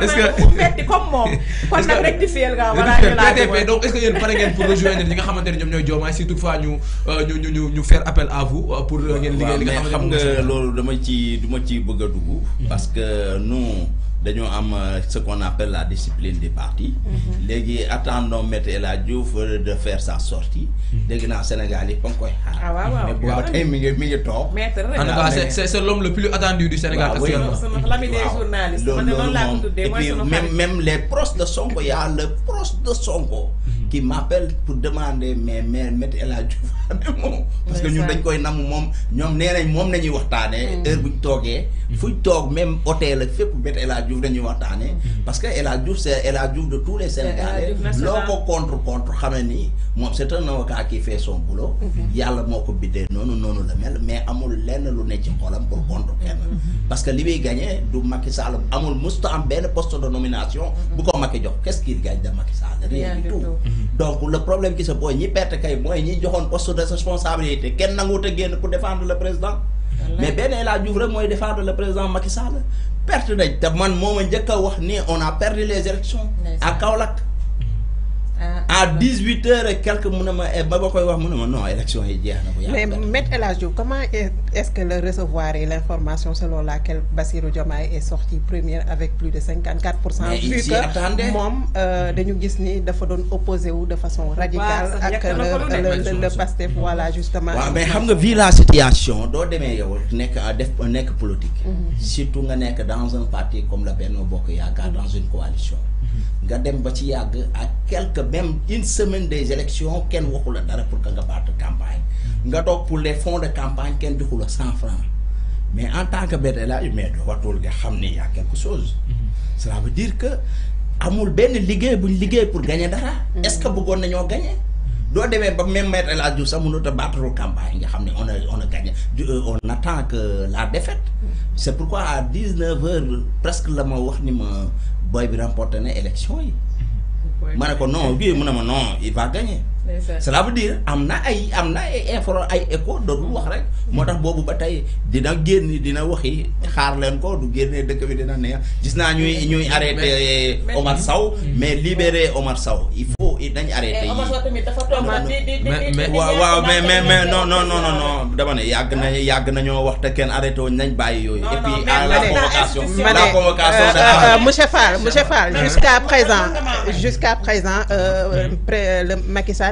formé pour metti comme moom kon nag rectifié nga voilà PTP donc est-ce que yéen pare ngeen pour rejoindre ñi xamante ne ñoom ñooy Diomaye si toutefois euh, ñu ñu ñu ñu faire appel à vous euh, pour euh, ngeen liggéey li xam nga loolu dama ci du ma ci bëgg a dugg mm-hmm. parce que nu Euh, ce qu'on appelle la discipline des partis. Mhm. légui attendons mettre la euh, de faire sa sortie. Mhm. Sénégal c'est l'homme le plus attendu du Sénégal même les proches de Sonko y le de Sonko qui m'appelle pour demander mais mais mettre elle a parce que ñun dañ koy nam mom ñom nee mom lañuy waxtané mm. heure buñ togué mm-hmm. fuñ toog même hôtel ak mettre metti El Hadj Diouf dañuy waxtané mm-hmm. parce que elle a c'est elle a Diouf de tous les Sénégalais loo ko contre contre xamé ni mom c'est un avocat qui fait son boulot mm-hmm. yalla moko ko non non non la mel mais amul lenn lu ne ci xolam pour contre kenn parce que li muy gagné du Macky Sall amul musta am ben poste de nomination. bu ko Macky jox qu'est-ce qu'il gagne de Macky Sall. rien du tout mhm. donc le problème qui se pose ñi perte kay moy ñi joxone poste de responsabilité ken a pour défendre le président. mais bien El a rek défendre le président Macky Sall perte nañ te man moma a wax ni on a perdu les élections à Kaolack à h huit heures et quelques mu eh, ba koy non élection est déjà. mais Maître à comment est-ce que le recevoir et l'information selon laquelle Bassirou Diomaye est sorti premier avec plus de 54% vu que new euh, dañu de ni opposé de façon radicale. ak le le Pastef voilà mm-hmm. justement. mais xam nga vu la situation doo demee yow def politique. Mm-hmm. surtout nga nek dans un parti comme la Benno Bokk dans une coalition nga dem ba ci yàgg à quelque même une semaine des élections kenn waxula la dara pour que nga battre campagne mm. nga toog pour les fonds de campagne kenn joxu 100 francs mais en tant que benn la mais watul nga xam ni y a quelque chose mm-hmm. cela veut dire que amul benn liggéey buñ liggéey pour gagner dara mm. est-ce que bëggoon nañoo gagner doo demee même mettre la Hadj on sax battre la campagne nga on a on a gagné euh, on attend que la défaite. c'est pourquoi à 19 h presque le moment wax ni ma boy bi remporté élection yi. non non il va gagner cela veut dire ay Omar mais libérer Omar il faut eh, non non non non na wax et puis la jusqu'à présent jusqu'à euh, mm. présent le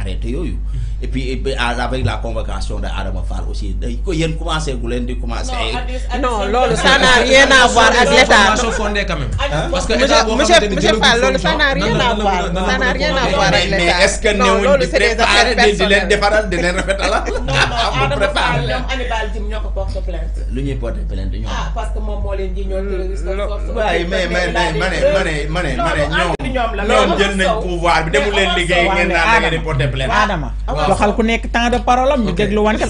arrêté mm-hmm. et puis avec la convocation de Adama Fall aussi ko commencer commencé di commencé. non ça n'a rien à voir l'état. parce que monsieur Fall ça n'a rien à voir ça n'a rien à voir l'état mais est-ce que di di di non non ah parce que ci ñoom la. loolu jël nañ pouvoir bi demul leen liggéey ngeen naan da ngeen di porter plainte. Adama joxal ku nekk temps de parole ñu déglu wante